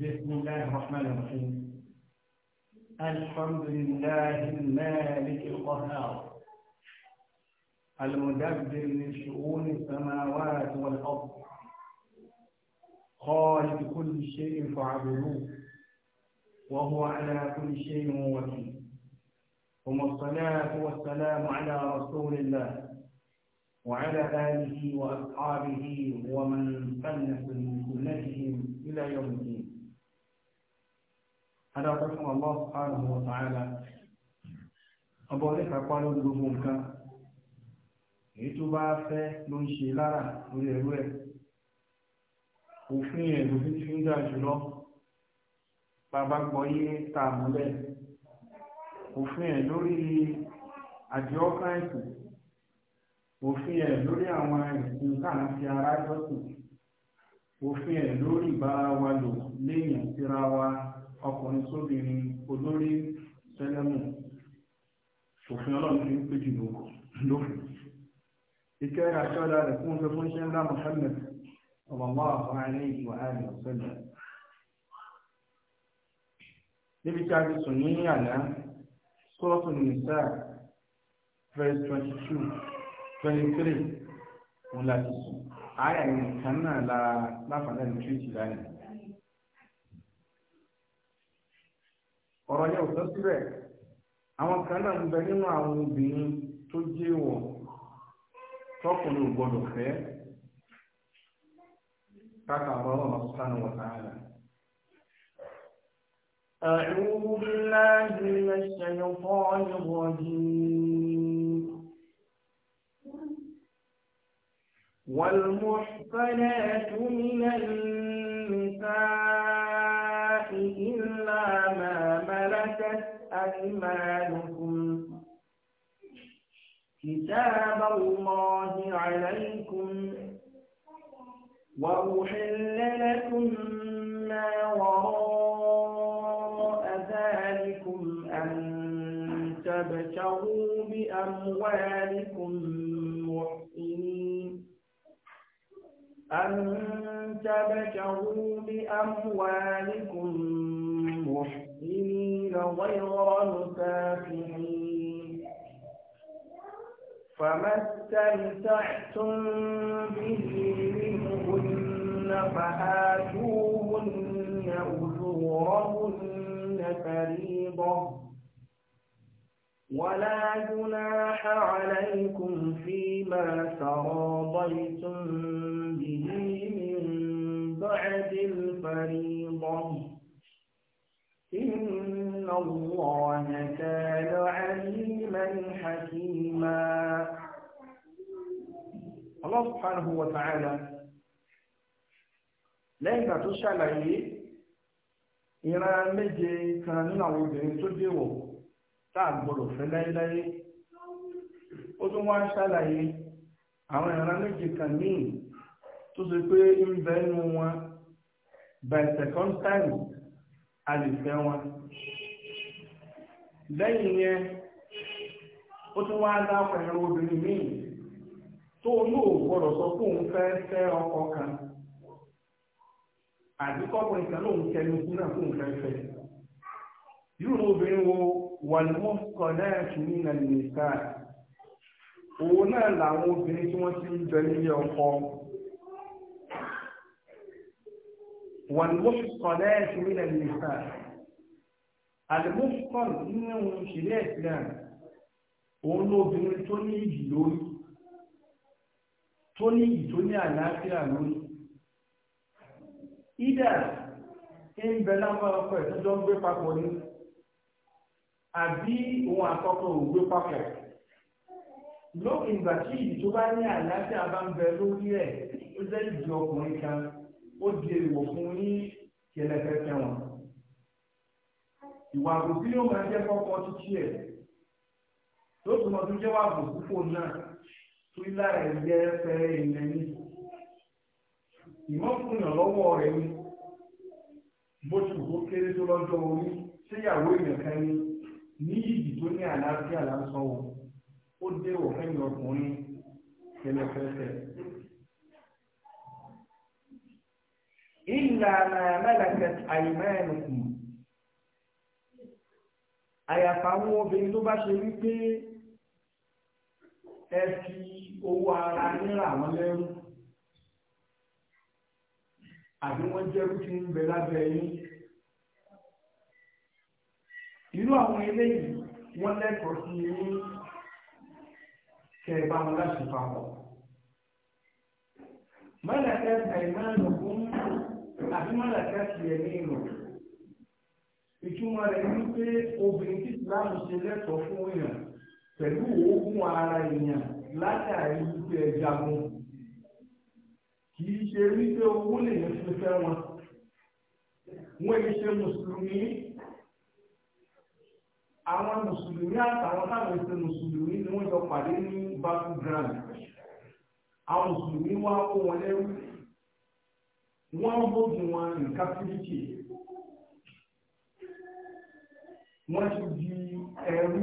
بسم الله الرحمن الرحيم الحمد لله المالك القهار المدبر لشؤون السماوات والأرض خالق كل شيء فاعبدوه وهو على كل شيء وكيل ثم الصلاة والسلام على رسول الله وعلى آله وأصحابه ومن سن سنتهم إلى يوم الدين adáwọ̀ fún Allah subhanahu wa ta'ala ọba oníkàpá gbogbo nǹkan èyí tó bá fẹ́ ló ń ṣe lára lórí ẹ̀rú ẹ̀ òfin ẹ̀ ló fi ti ń dà jùlọ bàbá gbọ́ yé ta àmúlẹ̀ òfin ẹ̀ fi ara wa ọkùnrin sóbìnrin olórí sẹlẹmù òfin ọlọ́run fi ń pè jù lóko lófin ìkẹyà sọ́dà rẹ̀ fún ọjọ́ fún ṣẹ́ńdá Muhammad sallallahu alaihi wa alihi wa sallam níbi tí a ti sùn ní àná sọ́ọ̀tù nìsá verse twenty two twenty three òun láti sùn ààyè nìkan náà la láǹfààní rà ra lánàá lọ síbẹ̀ àwọn kan náà ń bẹ nínú àwọn obìnrin tó jẹ́ wọ̀ tọkùnrin ò gbọdọ̀ fẹ́ káka ọ̀rọ̀ ọ̀rọ̀ sánú wọ̀ sáárà. أعوذ بالله من الشيطان الرجيم والمحصنات من النساء إلا ما أيمانكم كتاب الله عليكم وأحل لكم ما وراء ذلكم أن تبتغوا بأموالكم محسنين أن تبتغوا بأموالكم المحسنين غير مسافحين فما استمتعتم به منهن فآتوهن أجورهن فريضة ولا جناح عليكم فيما تراضيتم به من بعد الفريضة إن الله كان عليما حكيما الله سبحانه وتعالى lẹ́yìn ìgbà tó ṣàlàyé ìran méje kan nínú àwọn obìnrin tó déwọ̀ táà gbọdọ̀ fẹ́ láyéláyé ó tún wá ṣàlàyé àwọn ìran méje kan míì tó a lè fẹ́ wọn lẹ́yìn yẹn ó tún wá dápọ̀ ẹ̀rọ obìnrin míì tó yóò gbọ́dọ̀ sọ pé òun fẹ́ fẹ́ ọkọ kan àdúkọ́kùnrin kan lóun kẹnu sí náà fún òun fẹ́ fẹ́ irú obìnrin wo wà ní wọ́n kọ̀ náà tún ní nàìjíríà òun náà làwọn obìnrin tí wọ́n ti ń jẹ nílé ọkọ والمحصنات من النساء المحصن nínú ìṣẹ̀lẹ̀ islam òun lóbìnrin tó ní ìjì lórí tó ní ìjì tó ní àlàáfíà lórí ìdá ń bẹ láwọn ọkọ ìtọ́jọ́ ń gbé papọ̀ ní àbí ohun àkọ́kọ́ ò gbé papọ̀ lókè ìgbà tí ìjì tó bá ní àlàáfíà bá ń bẹ lórí ẹ̀ ó jẹ́ ìjì ọkùnrin kan ó di èèwọ̀ fún yín kí ẹlẹ́fẹ́ fẹ́ wọn. ìwà àbòsí yóò máa jẹ́ kọ́kọ́ títí ẹ̀ tó tún mọ́ tó jẹ́ wà àbòsí fò náà tó ilá rẹ̀ jẹ́ fẹ́ ilẹ̀ ní. ìmọ̀kùnà lọ́wọ́ rẹ̀ ni bó ti kó kéré tó lọ́jọ́ orí síyàwó èèyàn kan ni ní ìdí tó ní àlàáfíà lásán o ó dé òfin ọkùnrin kẹlẹfẹsẹ ìlà máa mẹ́lẹ̀kẹ̀ àìmẹ́ẹ̀nùkù àyàfà àwọn obìnrin tó bá ṣe wípé ẹ fi owó ara níra wọn lẹ́rú àbí wọ́n jẹ́rú tí ń bẹ lábẹ́ yín irú àwọn eléyìí wọ́n lẹ́kọ̀ọ́ sí yín kẹba wọn láti papọ̀ mẹ́lẹ̀kẹ̀ àìmẹ́ẹ̀nùkù àbí mọ̀lẹ́kẹ́ ti ẹ̀ ní ìlú. ìtumọ̀ rẹ̀ ni pé obìnrin tí ìsìláàmù ṣe lẹ́tọ̀ọ́ fún èèyàn pẹ̀lú òógùn ara èèyàn látàrí wípé ẹ jagun kì í ṣe wípé owó lè ní fífẹ́ wọn wọ́n yìí ṣe mùsùlùmí àwọn mùsùlùmí àtàwọn táwọn ìṣe mùsùlùmí ni wọ́n jọ pàdé ní battleground àwọn mùsùlùmí wá kó wọn lẹ́rú wọ́n hold wọn in captivity wọ́n ti di ẹrú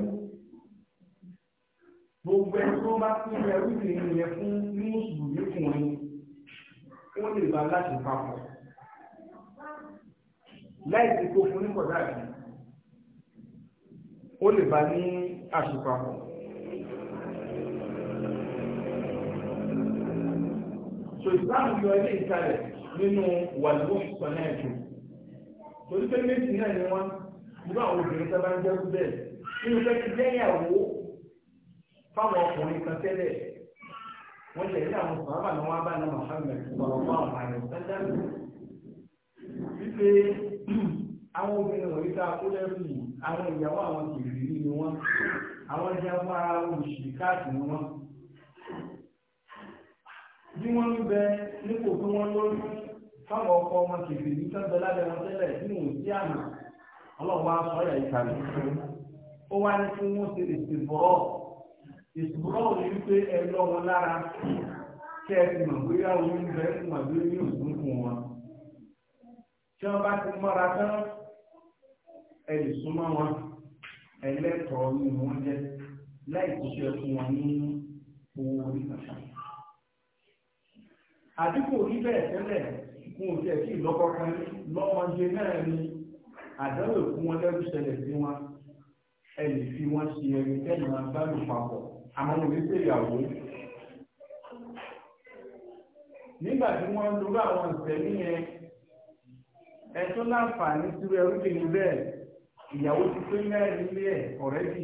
gbogbo ẹni tó bá fún ẹrú ìrìn yẹn fún mùsùlùmí kùnrin ó lè bá láti papọ̀ láì ti kó fún nípọ̀dá yìí ó lè bá ní àṣepapọ̀. so ìbámu yọ ilé ìtàlẹ̀ nínú wàlúwò ìsọ̀nà ẹ̀jù torí pé méjì náà ni wọ́n irú àwọn obìnrin tó bá ń jẹ́rú bẹ́ẹ̀ nínú pé ti jẹ́yàwó fáwọn ọkùnrin kan tẹ́lẹ̀ wọ́n jẹ́ ilé àwọn sọ̀rọ̀ àwọn wọn bá ní Muhammad sọ̀rọ̀ fún àwọn àyè sẹ́dáàmù wípé àwọn obìnrin wọ̀nyí tá a kó lẹ́rù yìí àwọn ìyàwó àwọn kìrìrì ni wọ́n àwọn jẹ́ máa ń bí wọ́n ń bẹ nípò tí wọ́n lórí fáwọn ọkọ ọmọ kìkì ní sẹ́ńtẹ̀ lábẹ́ wọn tẹ́lẹ̀ nínú ìdí àná ọlọ́run wá sọ ìkàlẹ̀ ó wá ní kí wọ́n ṣe ìsìnbọ̀rọ̀ ìsìnbọ̀rọ̀ ní wípé ẹ lọ lára kí ẹ ti mọ̀ bóyá oyún bẹ ń mọ̀ bí ní òṣùn fún wọn tí wọ́n bá ti mọ́ra tán ẹ lè súnmọ́ wọn ẹlẹ́tọ̀ọ́ ni wọ́n láì kó ṣe fún wọn ní owó orí kàkàkì àdínkù rí bẹ́ẹ̀ tẹ́lẹ̀ fún òjò ẹ̀kí ìlọ́kọ̀ kan lọ́mọdé náà ni àdáwò fún wọn lẹ́rù ṣẹlẹ̀ sí wọn ẹnì fi wọn ṣe ẹni tẹ́lẹ̀ máa bá lù papọ̀ àmọ́ òní pé ìyàwó. nígbà tí wọ́n ń lo àwọn ìṣẹ̀lẹ̀ yẹn ẹ̀tún láǹfààní sí ẹrú kìíní bẹ́ẹ̀ ìyàwó ti pé mẹ́rin lé ẹ̀ ọ̀rẹ́dì